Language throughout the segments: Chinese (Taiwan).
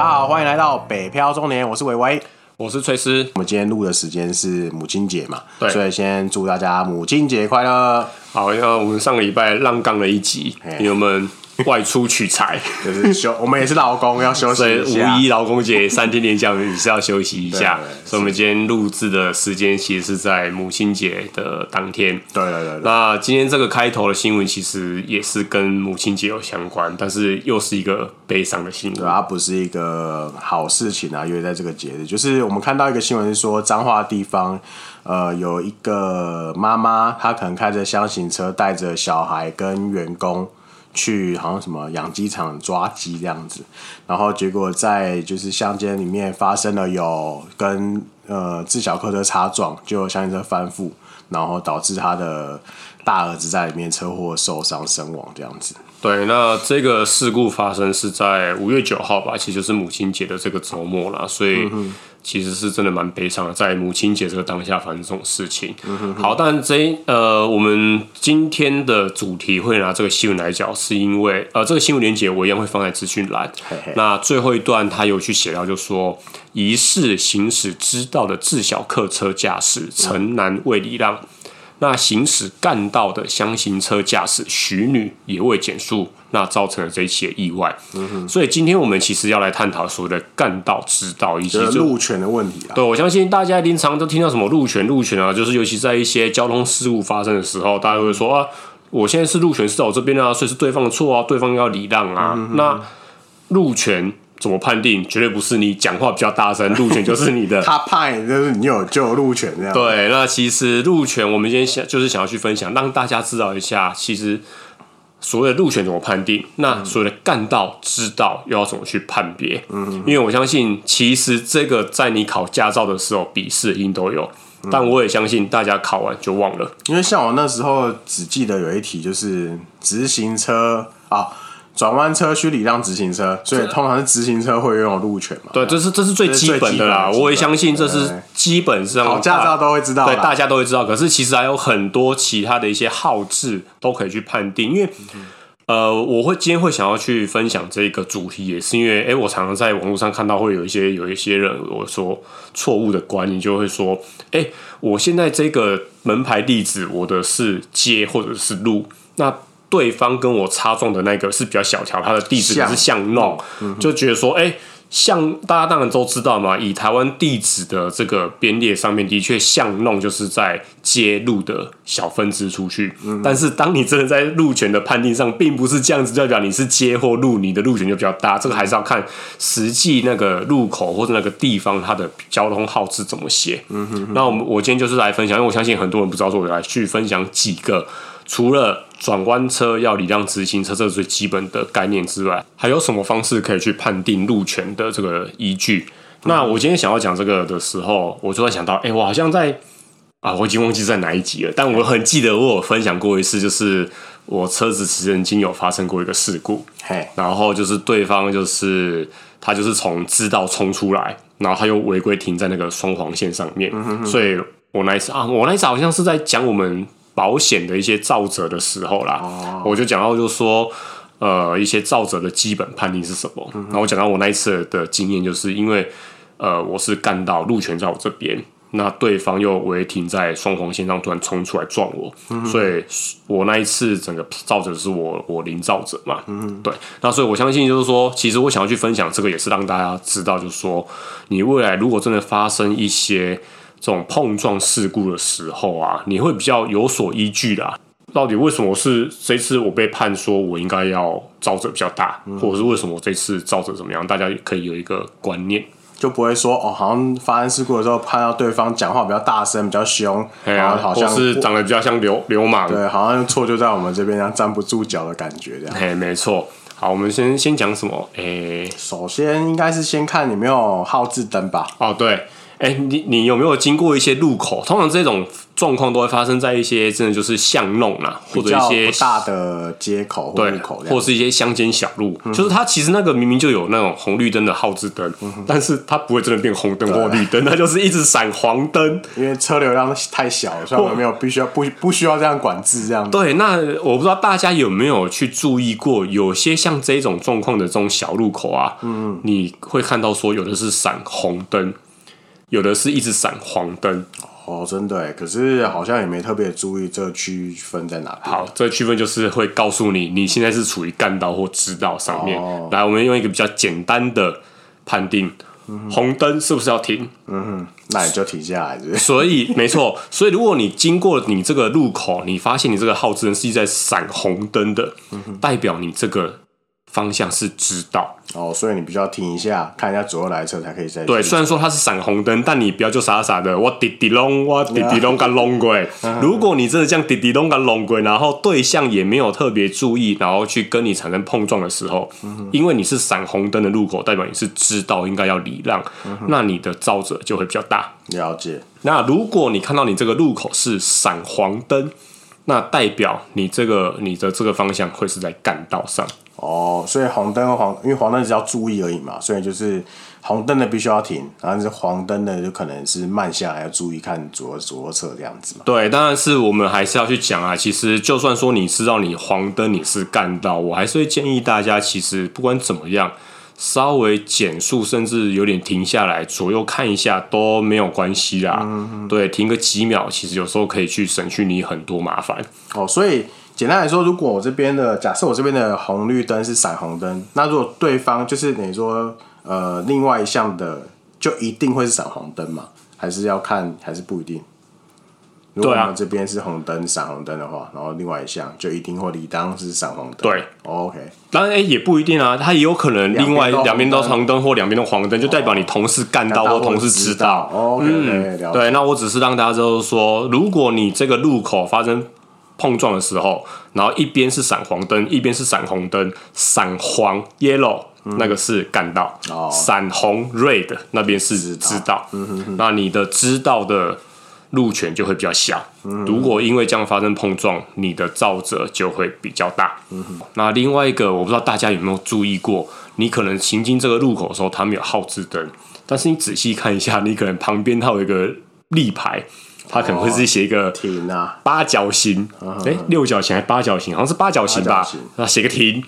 大家好，歡迎來到《北漂中年》，我是薇薇，我是偉偉，我是崔斯。我們今天錄的時間是母親節嘛，對，所以先祝大家母親節快樂。好，那、嗯、我們上個禮拜浪槓了一集，朋友們。外出取材， 就休我們也是勞工 要休息，所以五一勞工節三天連假也是要休息一下。 對啊、對所以，我們今天錄製的時間其實是在母親節的當天。對，對對對。那今天這個開頭的新聞其實也是跟母親節有相關，但是又是一個悲傷的新聞、嗯，它不是一個好事情啊。因為在這個節日，就是我們看到一個新聞是說，彰化的地方，呃，有一個媽媽，她可能開着廂型車，帶着小孩跟員工。去好像什麼養雞場抓雞這樣子，然後結果在就是鄉間裡面發生了有跟呃自小客車擦撞，就廂型車翻覆，然後導致他的大兒子在裡面車禍受傷身亡這樣子。對，那這個事故發生是在五月九號吧，其實就是母親節的這個周末了，所以。嗯其實是真的蠻悲傷的，在母親節這個當下，發生這種事情。嗯、哼哼好，但這一呃，我們今天的主題會拿這個新聞來講，是因為呃，這個新聞連結我一樣會放在資訊欄。那最後一段他有去寫到，就是說，疑似行駛支道的自小客車駕駛陳男未禮讓，那行駛幹道的廂型車駕駛徐女也未減速。那造成了這些意外，嗯，所以今天我們其實要來探討所謂的幹道、支道，以及路權的問題啊。對，我相信大家平常都聽到什麼路權、路權啊，就是尤其在一些交通事故發生的時候，大家會說，嗯、啊，我現在是路權是在我這邊啊，所以是對方的錯啊，對方要禮讓啊，嗯。那路權怎麼判定？絕對不是你講話比較大聲，路權就是你的。 他判就是你就有就有路權這樣。對，那其實路權，我們今天想就是想要去分享，讓大家知道一下，其實。所謂的路權怎麼判定？那所謂的幹道、支道又要怎麼去判別？嗯嗯，因為我相信，其實這個在你考駕照的時候筆試一定都有、嗯，但我也相信大家考完就忘了。因為像我那時候只記得有一題就是直行車啊，轉、哦、彎車需禮讓直行車，所以通常是直行車會擁有路權嘛？對，這是這是最基本的啦。的我也相信這是。基本上，駕照都會知道，對，大家都會知道。可是其實還有很多其他的一些號誌都可以去判定。因為，嗯、呃，我會今天會想要去分享這個主題，也是因為，哎、欸，我常常在網絡上看到會有一些有一些人，我說錯誤的觀念，嗯、就會說，哎、欸，我現在這個門牌地址我的是街或者是路，那對方跟我擦撞的那個是比較小條，他的地址是巷弄、no, 嗯嗯，就覺得說，哎、欸。像大家當然都知道嘛，以台灣地址的這個編列，上面的確巷弄就是在街路的小分支出去，嗯。但是當你真的在路權的判定上，並不是這樣子，代表你是街或路，你的路權就比較大。這個還是要看實際那個路口或者那個地方它的交通號志怎麼寫，嗯。那我們我今天就是來分享，因為我相信很多人不知道，所以我來去分享幾個。除了轉彎車要禮讓直行車，這是最基本的概念之外，還有什麼方式可以去判定路權的這個依據？那我今天想要講這個的時候，我就在想到，哎、欸，我好像在啊，我已經忘記在哪一集了，但我很記得我有分享過一次，就是我車子其實曾經有發生過一個事故，嘿然後就是對方就是他就是從支道衝出來，然後他又違規停在那個雙黃線上面，嗯哼哼，所以我那一次啊，我那一次好像是在講我們。保險的一些造者的時候啦，哦、我就講到就是說，呃，一些造者的基本判定是什麼？那我講到我那一次的經驗，就是因為，呃，我是幹道路權在我這邊，那對方又違停在雙黃線上，突然衝出來撞我，嗯，所以我那一次整個造者是我我領造者嘛，嗯，對，那所以我相信就是說，其實我想要去分享這個，也是讓大家知道，就是說，你未來如果真的發生一些這種碰撞事故的時候啊，你會比較有所依據的，啊。到底為什麼是這次我被判說我應該要肇責比較大，嗯，或者是為什麼這次肇責怎麼樣？大家可以有一個觀念，就不會說哦，好像發生事故的時候判到對方講話比較大聲、比較凶，然後、啊、好像，好像是長得比較像流流氓，對，好像錯就在我們這邊，像站不住腳的感覺這樣。嘿，沒錯。好，我們先先講什麼、欸？首先應該是先看你沒有號誌燈吧？哦，對。哎、欸，你你有沒有經過一些路口？通常這種狀況都會發生在一些真的就是巷弄啊，或者一些大的街口,口、對，或是一些鄉間小路、嗯。就是它其實那個明明就有那種紅綠燈的號誌燈，但是它不會真的變紅燈或綠燈，它就是一直閃黃燈，因為車流量太小，所以我們沒有必須要不不需要這樣管制這樣。對，那我不知道大家有沒有去注意過，有些像這種狀況的這種小路口啊，嗯，你會看到說有的是閃紅燈。有的是一直閃黃燈哦，真的，可是好像也沒特別注意這區分在哪裡？好，這區分就是會告訴你，你現在是處於幹道或支道上面，哦。來，我們用一個比較簡單的判定，紅燈是不是要停？嗯哼，那你就停下來是不是？所以沒錯，所以如果你經過你這個路口， 你發現你這個號志燈是一直在閃紅燈的，嗯，代表你這個。方向是知道哦，所以你必須要停一下，看一下左右來車才可以再對。雖然說它是閃紅燈，但你不要就傻傻的，我滴滴龍，我滴滴龍跟龍鬼。 如果你真的像滴滴龍跟龍鬼，然後對象也沒有特別注意，然後去跟你產生碰撞的時候，嗯、因為你是閃紅燈的路口，代表你是知道應該要禮讓、嗯，那你的肇責就會比較大。了解。那如果你看到你這個路口是閃黃燈，那代表你這個你的這個方向會是在幹道上。哦，所以紅燈和黃，因為黃燈只要注意而已嘛，所以就是紅燈的必須要停，然後是黃燈的就可能是慢下來，要注意看左右左側這樣子嘛。對，當然是我們還是要去講啊。其實就算說你知道你黃燈你是幹道，我還是會建議大家，其實不管怎麼樣，稍微減速，甚至有點停下來，左右看一下都沒有關係啦，嗯嗯。對，停個幾秒，其實有時候可以去省去你很多麻煩。哦，所以。簡單來說，如果我這邊的假設，我這邊的紅綠燈是閃紅燈，那如果對方就是等於說，呃，另外一項的就一定會是閃紅燈嘛？還是要看，還是不一定？對啊。如果這邊是紅燈，閃紅燈的話，然後另外一項就一定會理當是閃紅燈。對，OK。當然，哎、欸，也不一定啊，它也有可能另外兩邊都,都是紅燈或兩邊都黃燈，就代表你同時幹道,幹道或同時支道。支道 OK，、嗯、對了對，那我只是讓大家就是說，如果你這個路口發生。碰撞的時候，然後一邊是閃黃燈，一邊是閃紅燈。閃黃 （yellow）、嗯、那個是幹道，閃、哦、紅 （red） 那邊是支道，知道、嗯哼哼。那你的支道的路權就會比較小、嗯。如果因為這樣發生碰撞，你的肇責就會比較大、嗯。那另外一個，我不知道大家有沒有注意過，你可能行經這個路口的時候，它沒有號誌燈，但是你仔細看一下，你可能旁邊它有一個立牌。他可能會是寫一個、哦、停啊，八角形，六角形還八角形，好像是八角形吧？形那寫個停，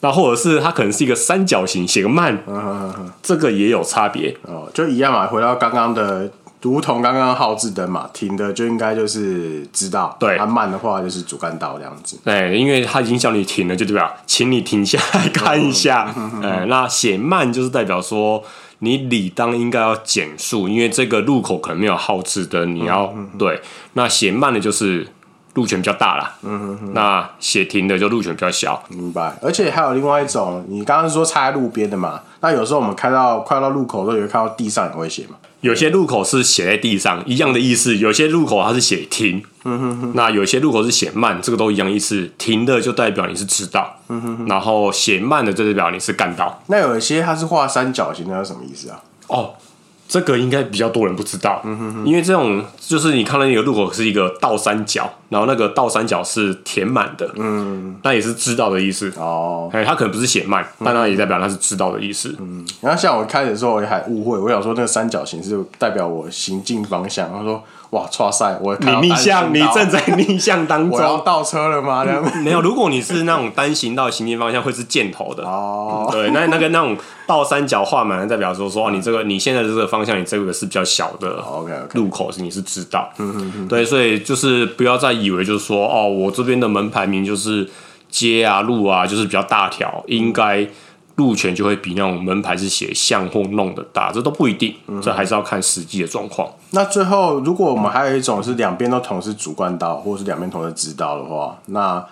那或者是它可能是一個三角形，寫個慢、哦，這個也有差別哦。就一樣嘛，回到剛剛的，如同剛剛號誌的嘛，停的就應該就是知道，對，它慢的話就是主幹道這樣子。對，因為它已經叫你停了，就代表請你停下來看一下。哦嗯呃、那寫慢就是代表說。你理當應該要減速，因為這個路口可能沒有號誌燈，你要、嗯、對、嗯、那寫慢的就是。路權比較大啦，嗯哼哼。那寫停的就路權比較小，明白。而且還有另外一種，你剛剛說插在路邊的嘛，那有時候我們開到快到路口都有看到地上也會寫嘛。有些路口是寫在地上，一樣的意思；有些路口它是寫停，嗯哼哼。那有些路口是寫慢，這個都一樣的意思。停的就代表你是支道，嗯哼哼。然後寫慢的，就代表你是幹道。嗯哼哼。那有一些它是畫三角形的，那是什麼意思啊？哦。這個應該比較多人不知道，嗯、哼哼，因為這種就是你看到那個路口是一個倒三角，然後那個倒三角是填滿的，嗯，那也是支道的意思哦。它可能不是寫慢、嗯哼哼，但它也代表它是支道的意思。嗯，然後像我一開始的時候，我也還誤會，我想說那個三角形是代表我行進方向。他說：“哇，唰塞，我你逆向，你正在逆向當中， 倒車了嗎、嗯？沒有，如果你是那種單行道，行進方向會是箭頭的哦。對，那那個那種。 ”倒三角畫門代表說，說、哦，你這個你現在這個方向，你這個是比較小的。Oh, OK，路口是你是支道、嗯嗯，對，所以就是不要再以為就是說，哦，我這邊的門牌名就是街啊、路啊，就是比較大條，應該路權就會比那種門牌是寫巷或弄的大，這都不一定，這還是要看實際的狀況、嗯。那最後，如果我們還有一種是兩邊都同時主幹道，或者是兩邊同時支道的話，那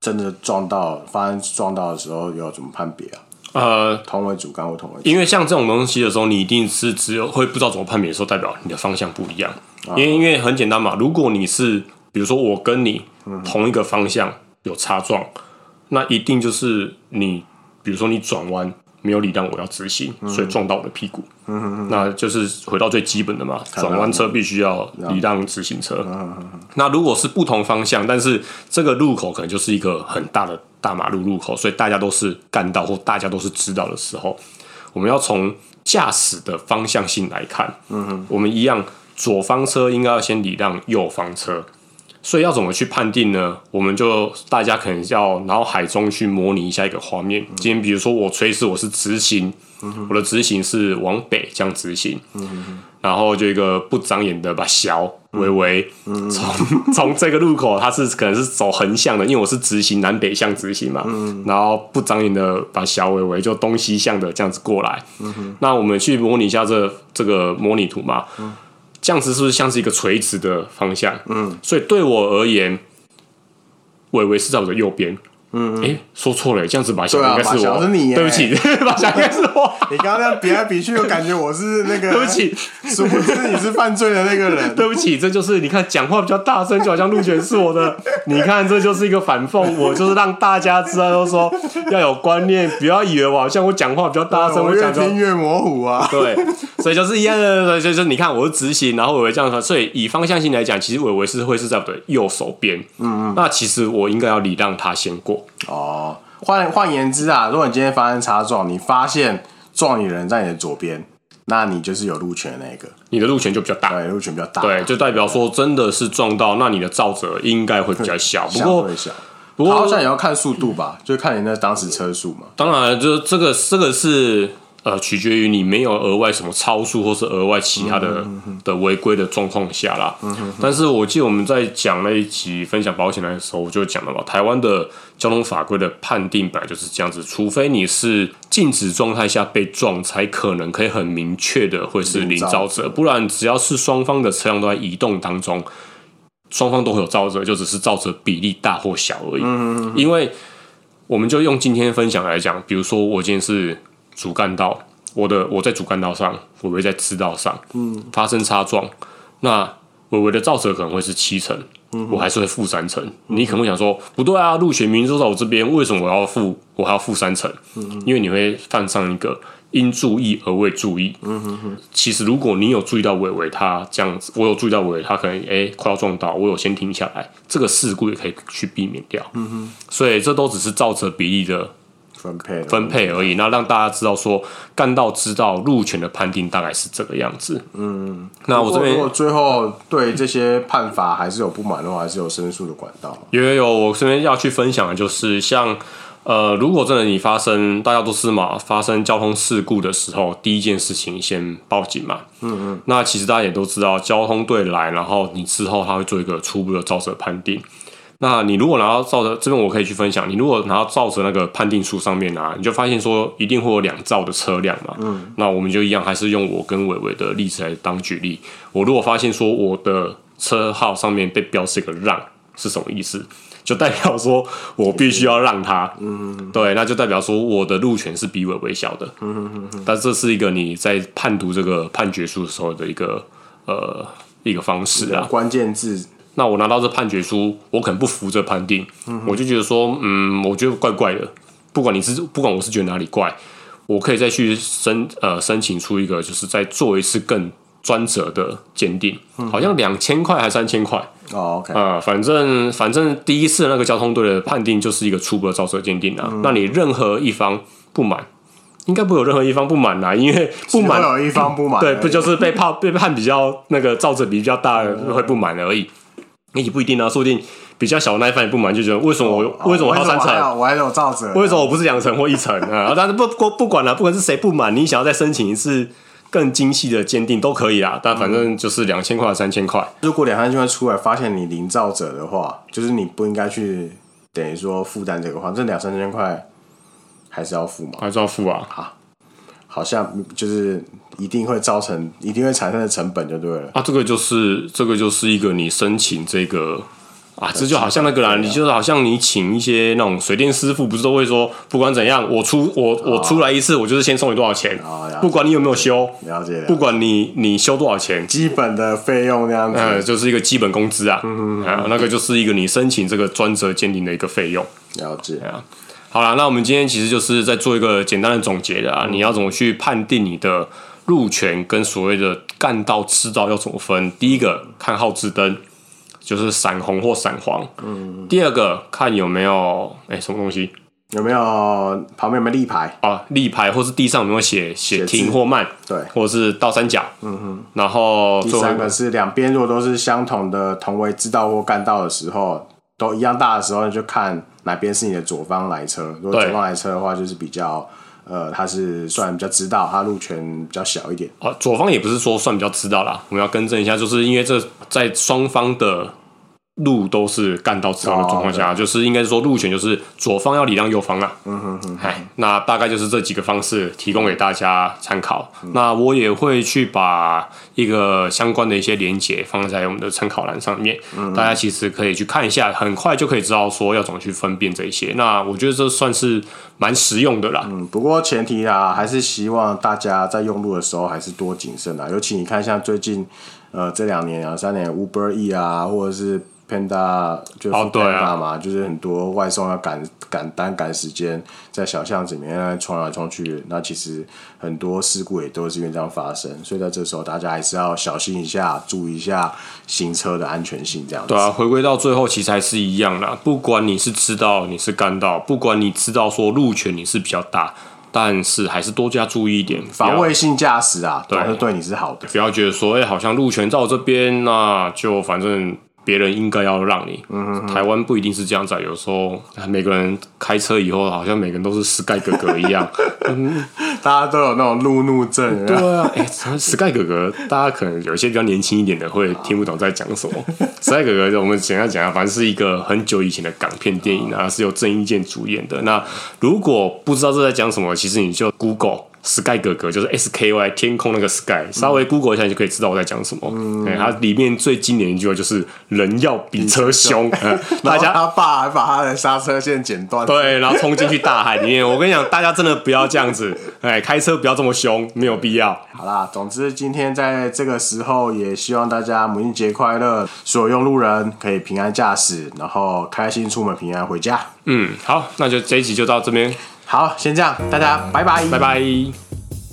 真的撞到發生撞到的時候要怎麼判別啊？呃，同為主幹或同為，因為像這種東西的時候，你一定是只有會不知道怎麼判別的時候，代表你的方向不一樣。因為、啊、因為很簡單嘛，如果你是比如說我跟你、嗯、同一個方向有擦撞，那一定就是你比如說你轉彎。沒有禮讓，我要直行，嗯，所以撞到我的屁股，嗯嗯嗯。那就是回到最基本的嘛，轉彎車必須要禮讓直行車，嗯嗯嗯。那如果是不同方向，但是這個路口可能就是一個很大的大馬路路口，所以大家都是幹道或大家都是支道的時候，我們要從駕駛的方向性來看，嗯嗯。我們一樣，左方車應該要先禮讓右方車。所以要怎麼去判定呢？我們就大家可能要腦海中去模擬一下一個畫面。今天比如說我垂直，我是直行，嗯，我的直行是往北這樣直行，嗯，然後就一個不長眼的把小圍圍從從這個路口，它是可能是走橫向的，因為我是直行南北向直行嘛，嗯，然後不長眼的把小圍圍就東西向的這樣子過來。嗯，那我們去模擬一下這這個模擬圖嘛。嗯這樣子是不是像是一個垂直的方向？嗯，所以對我而言，尾維是在我的右邊。嗯，哎、欸，說錯了，這樣子馬小應該是我，對、啊、是你，對不起， 馬小應該是我。你剛剛這樣比來比去，我 感覺我是那個，對不起，殊不知你是犯罪的那個人。對不起，這就是你看講話比較大聲，就好像路權是我的， 你看這就是一個反諷， 我就是讓大家知道，都說要有觀念，不要以為我好像我講話比較大聲，我越聽越模糊啊。對，所以就是一樣的，就是你看我是直行，然後我會這樣說，所以以方向性來講，其實偉偉是會是在我的右手邊。嗯嗯，那其實我應該要禮讓他先過。哦，換換言之啊，如果你今天發生擦撞，你發現撞你的人在你的左邊，那你就是有路權的那個，你的路權就比較大，對，路權比較大，對，就代表說真的是撞到，那你的肇責應該會比較小 下會下，不過，不過好像也要看速度吧，就看你那當時車速嘛。當然，就這個這個是。呃，取決於你沒有額外什麼超速或是額外其他的、嗯、哼哼的違規的狀況下啦。嗯、哼哼但是，我記得我們在講那一集分享保險來的時候，我就講了嘛，台灣的交通法規的判定本來就是這樣子，除非你是靜止狀態下被撞，才可能可以很明確的會是零肇責零造，不然只要是雙方的車輛都在移動當中，雙方都會有肇責，就只是肇責比例大或小而已。嗯、因為我們就用今天分享來講，比如說我今天是。主幹道，我的，我在主幹道上，偉偉在支道上，嗯，發生擦撞，那偉偉的肇事，可能會是七成，嗯，我還是會負三成，嗯。你可能會想說，不對啊，路權明就在我這邊，為什麼我要負？我還要負三成？嗯，因為你會犯上一個應注意而未注意。嗯哼哼，其實如果你有注意到偉偉，他這樣子，我有注意到偉偉，他可能哎、欸、快要撞到，我有先停下來，這個事故也可以去避免掉。嗯哼，所以這都只是肇事比例的。分配分配而已、嗯，那讓大家知道說幹道支道路權的判定大概是這個樣子。嗯，那我這邊如，如果最後對這些判罰還是有不滿的話，還是有申訴的管道。因為有，有我這邊要去分享的就是，像呃，如果真的你發生大家都是嘛，發生交通事故的時候，第一件事情先報警嘛。嗯嗯，那其實大家也都知道，交通隊來，然後你之後他會做一個初步的肇事判定。那你如果拿到照着這邊，我可以去分享。你如果拿到照着那個判定書上面啊，你就發現說一定會有兩造的車輛嘛。嗯，那我們就一樣，還是用我跟偉偉的例子來當舉例。我如果發現說我的車號上面被標示一個讓，是什麼意思？就代表說我必須要讓他。嗯，對，那就代表說我的路權是比偉偉小的。嗯嗯。但這是一個你在判讀這個判決書的時候的一個呃一個方式啊，關鍵字。那我拿到這判決書，我可能不服這判定、嗯，我就覺得說，嗯，我覺得怪怪的。不管你是不管我是覺得哪裡怪，我可以再去申呃申請出一個，就是再做一次更專責的鑑定、嗯，好像兩千塊還三千塊哦啊、okay 呃，反正反正第一次那個交通隊的判定就是一個初步的肇事鑑定啊、嗯。那你任何一方不滿，應該不會有任何一方不滿啦、啊、因為不滿有一方不滿、嗯，對，不就是被判被判比較那個肇責比比較大的、嗯、會不滿而已。也不一定啊，說不定比較小的那一方也不滿就覺得為什麼我、哦、為什麼我還要三成？我還有肇責？啊，為什麼我不是兩成或一成 啊？但是不不不管了、啊，不管是誰不滿，你想要再申請一次更精細的鑑定都可以啦。但反正就是兩千塊三千塊。嗯，如果兩三千塊出來發現你零肇責的話，就是你不應該去等於說負擔這個話，這兩三千塊還是要付嗎？還是要付啊？好。好像就是一定會造成，一定會產生的成本就對了。啊，這個就是這個就是一個你申請這個啊，這就好像那個啦，你、啊、就是好像你請一些那種水電師傅，不是都會說不管怎樣，我出我我出來一次、哦，我就是先送你多少錢，哦、不管你有沒有修，了解，了解。不管你你修多少錢，基本的費用那樣子，嗯、就是一個基本工資啊。還、嗯、有、嗯嗯啊、那個就是一個你申請這個專責鑑定的一個費用，了解啊。嗯好了，那我們今天其實就是在做一個簡單的總結的啊、嗯。你要怎麼去判定你的路權跟所謂的幹道、支道要怎麼分？第一個看號誌燈，就是閃紅或閃黃。嗯。第二個看有沒有誒、欸、什麼東西，有沒有旁邊有沒有立牌啊？立牌或是地上有沒有寫寫停或慢？對，或者是倒三角。嗯哼。然後，第三個是兩邊如果都是相同的同為支道或幹道的時候，都一樣大的時候，就看。哪邊是你的左方來車？如果左方來車的話，就是比較呃，它是算比較支道，它路權比較小一點。哦、啊，左方也不是說算比較支道啦，我們要更正一下，就是因為這在雙方的。路都是幹道車的狀況下，哦,就是應該說路權就是左方要禮讓右方啊。嗯哼嗯哼,那大概就是這幾個方式提供給大家參考，嗯。那我也會去把一個相關的一些連結，放在我們的參考欄上面，嗯,大家其實可以去看一下,很快就可以知道說要怎麼去分辨這一些。那我覺得這算是蠻實用的啦。嗯,不過前提啊,還是希望大家在用路的時候還是多謹慎啊。尤其你看一下最近呃這兩年兩、啊、三年 Uber E 啊,或者是偏大，就是太大嘛，就是很多外送要趕趕單趕時間，在小巷子裡面那在衝來衝去，那其實很多事故也都是因為這樣發生。所以在這時候，大家還是要小心一下，注意一下行車的安全性。這樣子，對啊，回歸到最後其實還是一樣的，不管你是支道你是幹道，不管你知道說路權你是比較大，但是還是多加注意一點，防衛性駕駛啊，還是對你是好的。不要覺得所謂，欸，好像路權在這邊，啊，那就反正。別人應該要讓你。嗯、台灣不一定是這樣子，有時候每個人開車以後，好像每個人都是 Sky 哥哥一樣， 嗯、大家都有那種路怒症有沒有？對啊、欸、Sky 哥哥，大家可能有一些比較年輕一點的會聽不懂在講什麼。Sky 哥哥，我們講一下，講一下啊，反正是一個很久以前的港片電影啊，然後是由鄭伊健主演的。那如果不知道這在講什麼，其實你就 Google。Sky 哥哥就是 S K Y 天空那個 Sky，稍微 Google 一下、嗯、你就可以知道我在講什麼、嗯欸。它裡面最經典的一句話就是“人要比車凶”，大家、嗯、他爸還把他的剎車線剪斷，對，然後衝進去大海裡面。 我跟你講，大家真的不要這樣子，哎、欸，開車不要這麼凶，沒有必要。好啦，總之今天在這個時候也希望大家母親節快樂，所有用路人可以平安駕駛，然後開心出門，平安回家。嗯，好，那就這一集就到這邊。好，先這樣，大家拜拜。拜拜。